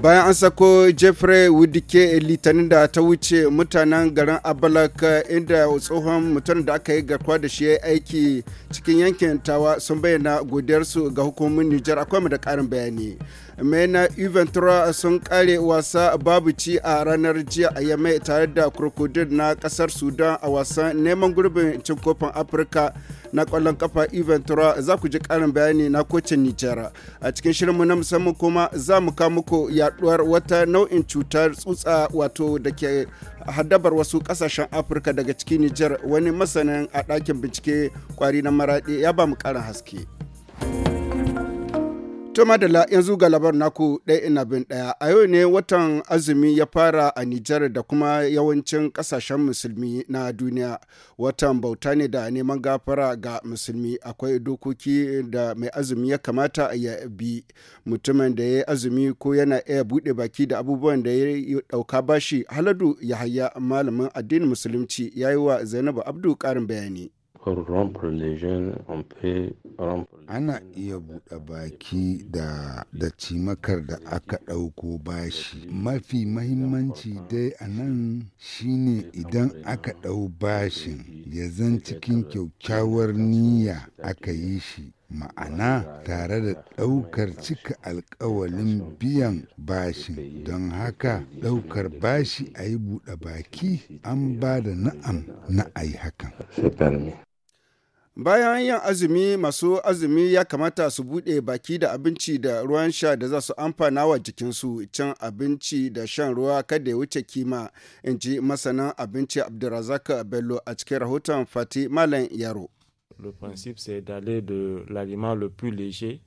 bayan an sako jeffrey wudike litanin da ta wuce mutanen garin abalak inda tsohon mutum da aka yi garkuwa da shi ya aiki cikin yankin tawa sun bayyana godiyarsu ga hukumomin nijar akwai mu da karin bayani na Juventura sun kare wasa babu ci a ranar jiya a yamai tare da krokodil na kasar sudan a wasan neman gurbin cin kofin afirka na kwallon kafa Ivan Tura za ku ji karin bayani na kocin Nijar. A cikin shirinmu na musamman kuma za mu kawo muku yaduwar wata nau'in cutar tsutsa wato da ke haddabar wasu kasashen Afirka daga cikin Nijar wani masanin a ɗakin bincike kwari na maraɗi ya ba mu karin haske. To madalla yanzu ga labar naku ɗaya ina bin ɗaya a yau ne watan azumi ya fara a Nijar da kuma yawancin ƙasashen musulmi na duniya watan bauta ne da neman gafara ga musulmi akwai dokoki da mai azumi ya kamata ya bi mutumin da ya yi azumi ko yana iya buɗe baki da abubuwan da ya ɗauka bashi haladu ya haya malamin addinin musulunci ya yi wa Zainabu Abdu karin bayani. Ana iya buɗe baki da da cimakar da aka ɗauko bashi. Mafi mahimmanci dai a nan shine idan aka ɗau bashin ya zan cikin kyaukyawar niyya aka yi shi. ma'ana tare da ɗaukar cika alkawalin biyan bashin don haka ɗaukar bashi a yi buɗe baki an ba da na'am na ayi hakan. Bayan yin azumi masu azumi ya kamata su bude baki da abinci da ruwan sha da za su amfana wa jikinsu can abinci da shan ruwa kada ya wuce kima in ji masanan abinci Abdulrazak Bello a cikin rahoton Fati Malam Yaro. Le principe c'est d'aller de l'aliment le plus léger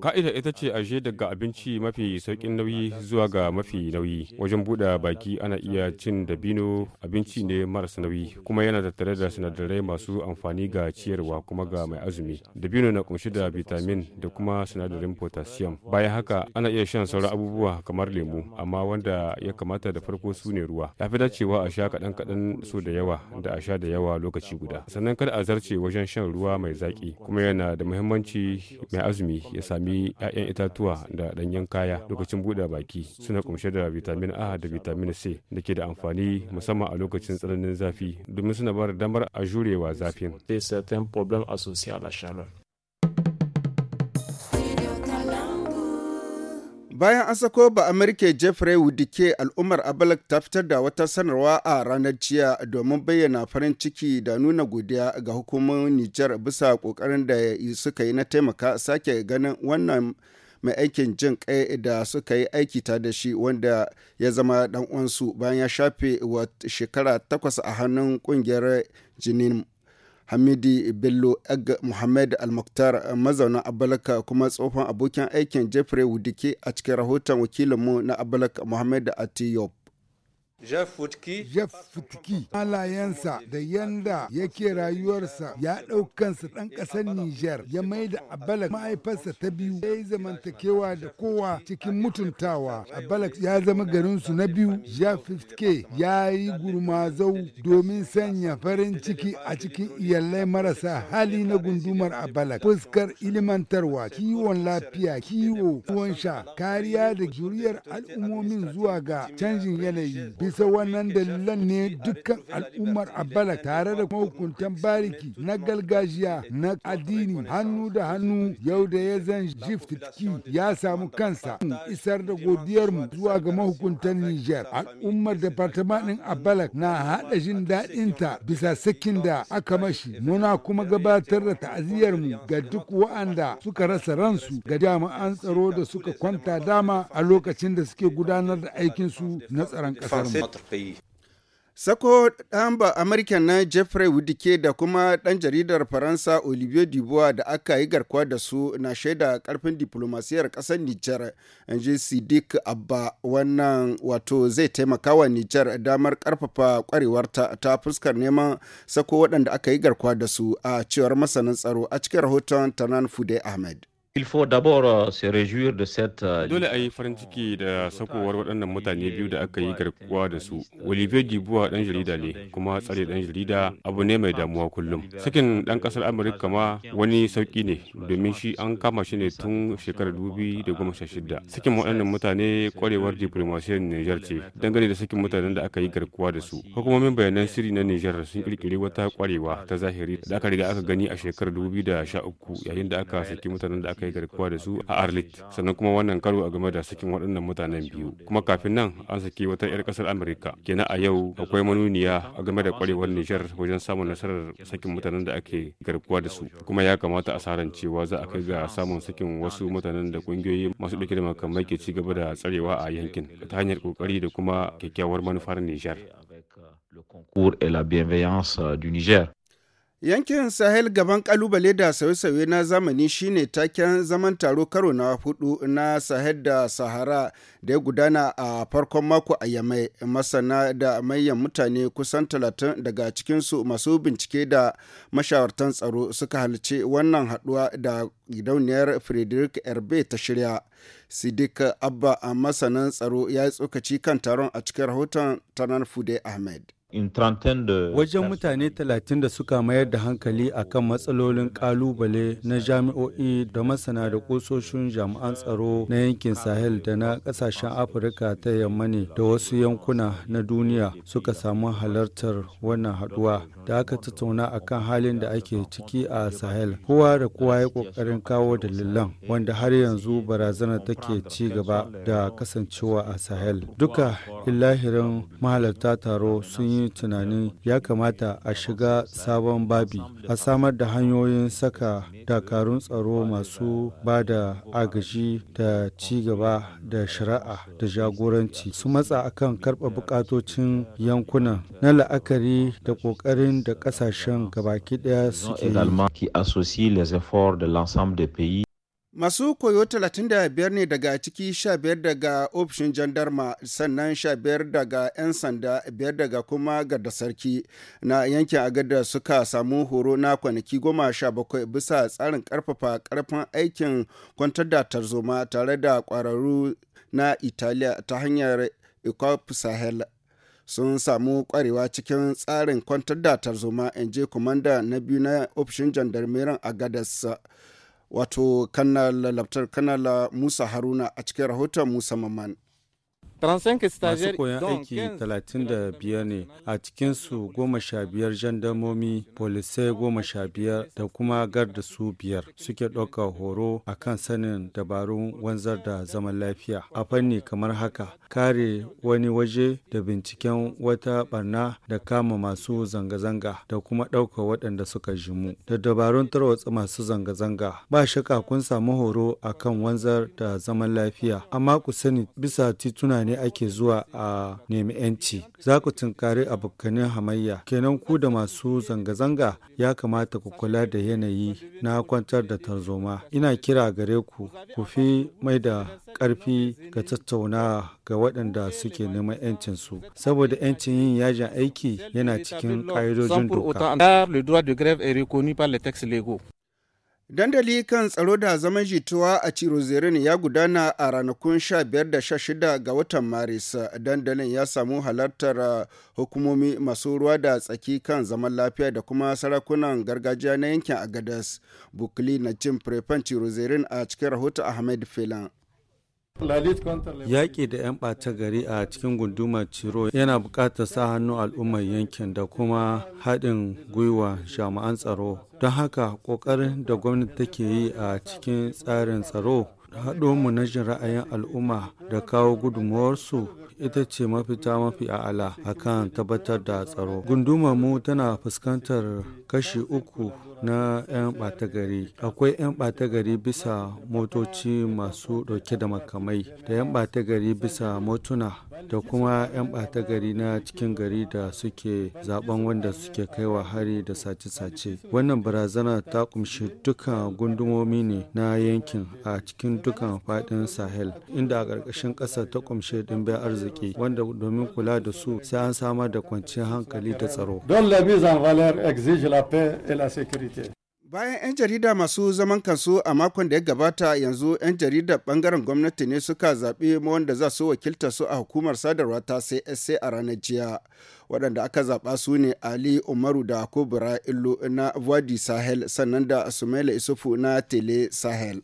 Ka'ida ita ce aje daga abinci mafi sauƙin nauyi zuwa ga mafi nauyi. Wajen buɗe baki ana iya cin dabino abinci ne maras nauyi kuma yana tattare da sinadarai masu amfani ga ciyarwa kuma ga mai azumi. Dabino na kumshi da vitamin da kuma sinadarin potassium. Bayan haka ana iya shan sauran abubuwa kamar lemu amma wanda ya kamata da farko su ne ruwa. Ya fi dacewa a sha kaɗan kaɗan so da yawa da a sha da yawa lokaci guda. Sannan kada a zarce wajen shan ruwa mai zaƙi kuma yana da muhimmanci mai azumi ya sami 'ya'yan itatuwa da ɗanyen kaya lokacin buɗe baki suna kumshe da vitamin A da vitamin C da ke da amfani musamman a lokacin tsananin zafi domin suna bar damar a jurewa zafin. Bayan an sako ba Amurka Jeffrey Wudike al'ummar Abalak ta fitar da wata sanarwa a ranar jiya domin bayyana farin ciki da nuna godiya ga hukumar Nijar bisa kokarin da suka yi na taimaka sake ganin wannan mai aikin jin kai da suka yi aiki ta da shi wanda ya zama dan uwansu bayan ya shafe shekara takwas a hannun kungiyar jinin. hamidi bello ag muhammad almaktar mazauna abalaka kuma tsohon abokin aikin jeffrey wudike a cikin rahoton wakilinmu na abalaka muhammad atiyop Jeff Futki halayensa da yanda yake rayuwarsa ya ɗaukansa ɗan ƙasar Nijar ya maida Abalak mahaifarsa ta biyu ya yi zamantakewa da kowa cikin mutuntawa. Abalak ya zama garinsu na biyu Jeff Futki ya yi gurmazau domin sanya farin ciki a cikin iyalai marasa hali na gundumar Abalak. Fuskar ilimantarwa, kiwon lafiya, kiwo, tuwon sha, kariya da juriyar al'ummomin zuwa ga canjin yanayi. bisa wannan dalilan ne dukkan al'ummar abala tare da mahukuntan bariki na gargajiya na addini hannu da hannu yau da ya zan jiftiki ya samu kansa isar da godiyarmu zuwa ga mahukuntan niger al'ummar departamentin abala na haɗa jin daɗinta bisa sakin da aka mashi muna kuma gabatar da ta'aziyarmu ga duk wa'anda suka rasa ransu ga jami'an tsaro da suka kwanta dama a lokacin da suke gudanar da aikinsu na tsaron ƙasarmu Sako ɗan ba Amurken na Jeffrey Wudike da kuma ɗan jaridar Faransa Olivier Dubois da aka yi garkuwa da su na shaida ƙarfin diplomasiyar ƙasar Nijar, in ji Sidik Abba wannan wato zai taimaka wa Nijar damar ƙarfafa ƙwarewarta ta fuskar neman sako waɗanda aka yi garkuwa da su a cewar masanin tsaro a cikin rahoton Tanan Fude Ahmed. Il faut d'abord euh, se réjouir de cette. Euh, Dole a yi farin ciki da sakowar waɗannan mutane biyu da aka yi garkuwa da su. Olivier Dubois ɗan jarida ne, kuma tsare ɗan jarida abu ne mai damuwa kullum. Sakin ɗan ƙasar Amurka ma wani sauƙi ne, domin shi an kama shi ne tun shekarar 2016. Sakin waɗannan mutane ƙwarewar diplomasiyar Nijar ce, dangane da sakin mutanen da aka yi garkuwa da su. Hukumomin bayanan sirri na Nijar sun ƙirƙiri wata ƙwarewa ta zahiri da aka riga aka gani a shekarar 2013 yayin da aka saki mutanen da aka kai garkuwa da su a Arlit sannan kuma wannan karo a game da sakin waɗannan mutanen biyu kuma kafin nan an saki wata 'yar ƙasar Amurka kenan a yau akwai manuniya a game da kwarewar Nijar wajen samun nasarar sakin mutanen da ake garkuwa da su kuma ya kamata a saran cewa za a kai ga samun sakin wasu mutanen da ƙungiyoyi masu ɗauke da makamai ke ci gaba da tsarewa a yankin ta hanyar kokari da kuma kyakkyawar manufar Nijar. Le concours et la bienveillance euh, du Niger. Yankin Sahel gaban kalubale da sauye-sauye na zamani shine taken zaman taro karo na hudu na Sahel da Sahara da ya gudana a farkon mako a Yamai. Masana da mayan mutane kusan 30 daga cikinsu masu bincike da mashawartan tsaro suka halice wannan haduwa da gidauniyar Frederick Erbe ta shirya. Sidik Abba a masanin tsaro ya yi tsokaci kan taron a cikin rahoton Tanar Fude Ahmed. Wajen mutane talatin da suka mayar da hankali a kan matsalolin kalubale na jami'o'i da masana da kusoshin jami'an tsaro na yankin Sahel da na kasashen Afirka ta yamma ne da wasu yankuna na duniya suka samu halartar wannan haduwa da aka tattauna a kan halin da ake ciki a Sahel. Kowa da kowa ya ƙoƙarin kawo dalilan wanda har yanzu barazana take ci gaba da kasancewa a Sahel. Duka illahirin mahalarta taro sun yi yi tunanin ya kamata a shiga sabon babi a samar da hanyoyin saka dakarun tsaro masu ba da agaji da cigaba da shari'a da jagoranci su matsa akan karɓa bukatocin yankuna na la'akari da ƙoƙarin da ƙasashen gabaki ɗaya ke yi. Masu koyo 35 ne daga ciki 15 daga ofishin jandarma sannan 15 daga 'yan sanda 5 daga kuma gada sarki na yankin agada suka samu horo na kwanaki 17 bisa tsarin karfafa karfin aikin kwantar da tarzoma tare da kwararru na Italiya ta hanyar Ecop Sahel. sun samu kwarewa cikin tsarin kwantar da tarzoma in je kumanda na biyu na ofishin jandarmeran agadas wato kanal laftar kanal musa haruna a cikin rahoton musa maman masu koyan aiki da biyar ne a cikin su cikinsu 15 jandamomi polisai 15 da kuma garda su biyar suke ɗauka horo a kan sanin dabarun wanzar da zaman lafiya a fanni kamar haka kare wani waje da binciken wata barna da kama masu zanga-zanga da kuma ɗauka waɗanda suka jimu da dabarun tarwatsa masu zanga-zanga ba shaka kun samu horo a kan wanzar da zaman lafiya amma ku sani bisa tituna ne ake zuwa a nemi 'yanci za ku tunkari abokanin hamayya kenan ku da masu zanga-zanga ya kamata ku kula da yanayi na kwantar da tarzoma ina kira gare ku ku fi mai da karfi ga tattauna ga waɗanda suke neman yancin su saboda 'yancin yin yajin aiki yana cikin ƙa'idojin doka. Dandali kan tsaro da zaman jituwa a Cirozerin ya gudana a ranakun 15 da 16 ga watan Maris. Dandalin ya samu halartar hukumomi masu ruwa da tsaki kan zaman lafiya da kuma sarakunan gargajiya na yankin Agadas. Bukli na cin Prepan Cirozerin a cikin rahoton Ahmed Filan. Yaƙi da 'yan ɓata gari a cikin gundumar Ciro yana buƙatar sa hannu al'ummar yankin da kuma haɗin gwiwa jami'an tsaro. Don haka ƙoƙarin da gwamnati take yi a cikin tsarin tsaro haɗo mu na ra'ayin al'umma da kawo gudunmuwarsu ita ce mafita mafi a'ala a kan tabbatar da tsaro. Gundumar mu tana fuskantar kashi uku na 'yan ɓata gari akwai 'yan ɓata gari bisa motoci masu ɗauke da makamai da 'yan ɓata gari bisa motuna da kuma 'yan ɓata gari na cikin gari da suke zaben wanda suke kaiwa hari da sace-sace wannan barazana ta kumshi dukkan gundumomi ne na yankin a cikin dukkan faɗin sahel inda a ƙarƙashin ƙasa ta kumshi ɗimbin arziki wanda domin kula da su sai an samar da kwanciyar hankali da tsaro. Don la mise exige la paix et la sécurité. Bayan 'yan jarida masu zaman kansu a makon da ya gabata yanzu 'yan jarida bangaren gwamnati ne suka zaɓi wanda za su wakilta su a hukumar sadarwa ta CSA a ranar jiya. Waɗanda aka zaɓa su ne Ali Umaru da kubura Illu na Vadi Sahel sannan da Sumaila Isufu na Tele Sahel.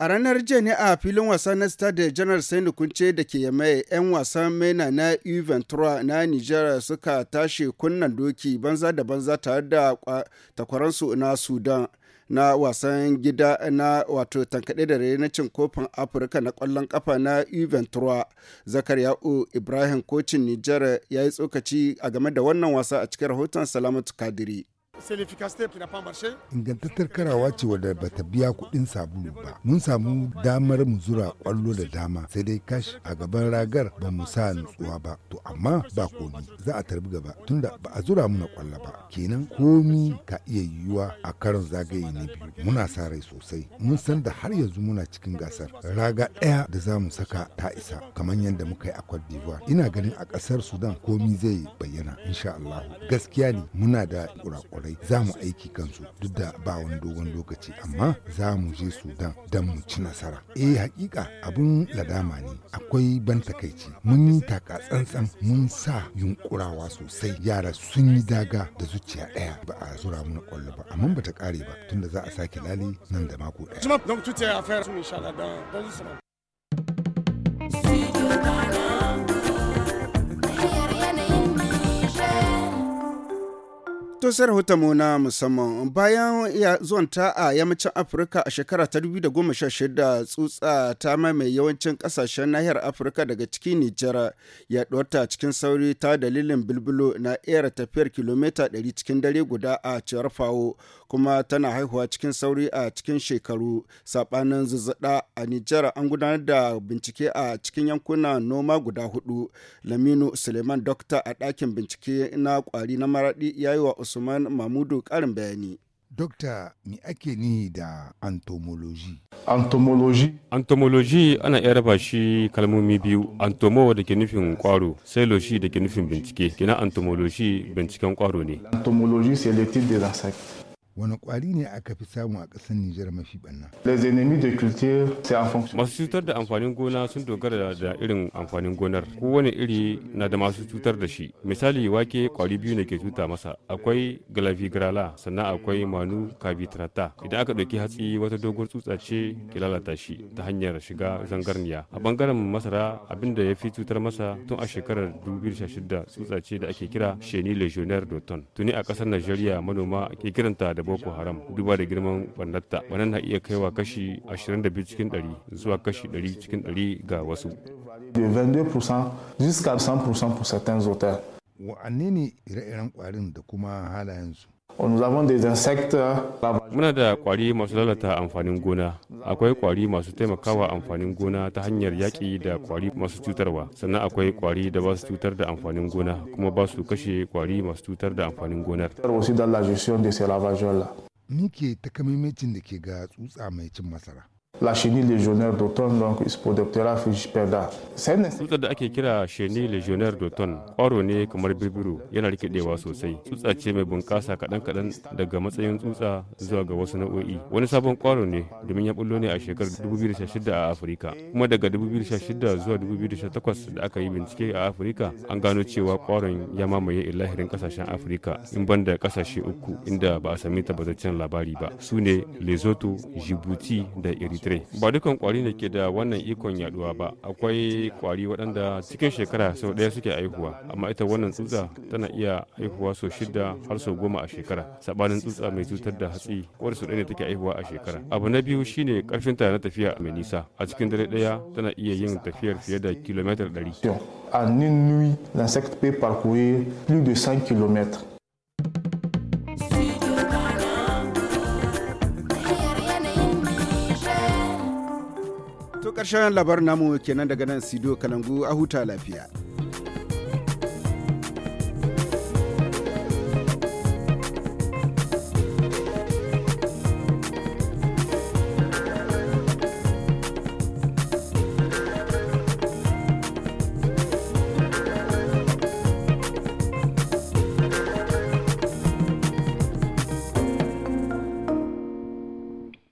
A ranar jiya ne a filin wasa na Stade General Sani Kunce da ke mai 'yan wasan mena na Juventus na Nijar suka tashi kunnan doki banza da banza tare da takwaransu na Sudan na wasan gida na wato tankaɗe da na cin kofin Afirka na kwallon kafa na Juventus. Ya'u Ibrahim kocin Nijar ya yi tsokaci a game da wannan wasa a cikin rahoton Salamatu Kadiri. ingantattar karawa ce wadda ba ta biya kudin sabulu ba mun samu damar mu zura kwallo da dama sai dai kash a gaban ragar ba mu sa nutsuwa ba to amma ba komi za a tarbi gaba tunda ba a zura muna kwallo ba kenan komi ka iya yiwuwa a karin zagaye ne biyu muna sa rai sosai mun san da har yanzu muna cikin gasar raga ɗaya da za mu saka ta isa kamar yadda muka yi a Cote d'Ivoire ina ganin a ƙasar Sudan komi zai bayyana insha Allah gaskiya ne muna da kurakurai labarai za mu aiki kansu duk da ba wani dogon lokaci amma za mu je sudan don mu ci nasara eh hakika abun ladama ne akwai ban takaici mun yi taka tsantsan mun sa yunkurawa sosai yara sun yi daga da zuciya ɗaya ba a zura mana kwallo ba amma bata kare ba tunda za a sake lali nan da mako ɗaya. Donc tout est dans, dans To sai mu na musamman bayan zuwan ta a yammacin Afirka a shekara ta 2016 tsutsa ta mamaye yawancin kasashen nahiyar Afirka daga cikin Nijar ya ta cikin sauri ta dalilin bilbilo na iya tafiyar kilomita 100 cikin dare guda a cewar fawo kuma tana haihuwa cikin sauri a cikin shekaru sabanin zazzaɗa a Nijar an gudanar da bincike a cikin yankunan noma guda hudu. Laminu Suleiman Dokta a ɗakin bincike na kwari na maraɗi ya yi wa Usman Mamudu karin bayani. Dokta, me ake ni da entomology? Entomology? Entomology ana iya raba shi kalmomi biyu, antomo da ke nufin kwaro, sai loshi da ke nufin bincike. Kina entomology binciken kwaro ne. Entomology c'est l'étude des insectes. wani kwari ne aka fi samu a ƙasar Nijar mafi ɓanna. Masu cutar da amfanin gona sun dogara da irin amfanin gonar. Kowane iri na da masu cutar da shi. Misali wake kwari biyu ne ke cuta masa. Akwai galavigrala sannan akwai manu kabitrata. Idan aka ɗauki hatsi wata dogon tsutsa ce ke lalata shi ta hanyar shiga zangarniya. A bangaren masara abin da ya fi cutar masa tun a shekarar 2016 tsutsa ce da ake kira sheni Legionnaire d'automne. Tuni a ƙasar Najeriya manoma ke kiranta da boko haram duba da girman bandatta wannan na iya kaiwa kashi 22 cikin 100 zuwa kashi 100 cikin 100 ga wasu de 22% jusqu'à 100% pour certains auteurs wa'anne ne ire-iren kwarin da kuma halayensu Muna da kwari masu lalata amfanin gona. Akwai kwari masu taimakawa amfanin gona ta hanyar yaƙi da kwari masu cutarwa. Sannan akwai kwari da ba su cutar da amfanin gona kuma ba su kashe kwari masu cutar da amfanin gonar. Mike takamaimacin da ke ga tsutsa mai cin masara. La chenille légionnaire d'automne, donc il se Ispodoptera fischperda. Tsutsar da ake kira chenille legionnaire d'automne, ƙwaro ne kamar birbiru yana rikidewa sosai. Tsutsa ce mai bunƙasa kaɗan-kaɗan daga matsayin tsutsa zuwa ga wasu nau'o'i. Wani sabon ƙwaro ne domin ya bullo ne a shekarar 2016 a Afirka. Kuma daga 2016 zuwa 2018 da aka yi bincike a Afirka, an gano cewa ƙwaron ya mamaye ilahirin ƙasashen Afirka in ban da ƙasashe uku inda ba a sami tabbataccen labari ba. Su ne Lesotho, Djibouti da Eritrea. 2023 ba dukan kwari ne ke da wannan ikon yaduwa ba akwai kwari waɗanda cikin shekara sau ɗaya suke aihuwa amma ita wannan tsutsa tana iya aihuwa sau shida har sau goma a shekara sabanin tsutsa mai cutar da hatsi kwar sau ɗaya ne take aihuwa a shekara abu na biyu shine karfin ta na tafiya mai nisa a cikin dare ɗaya tana iya yin tafiyar fiye da kilomita ɗari. En une nuit, l'insecte peut parcourir plus de 100 kilomètres. To ƙarshen na namu kenan daga nan Sido Kalangu a huta lafiya.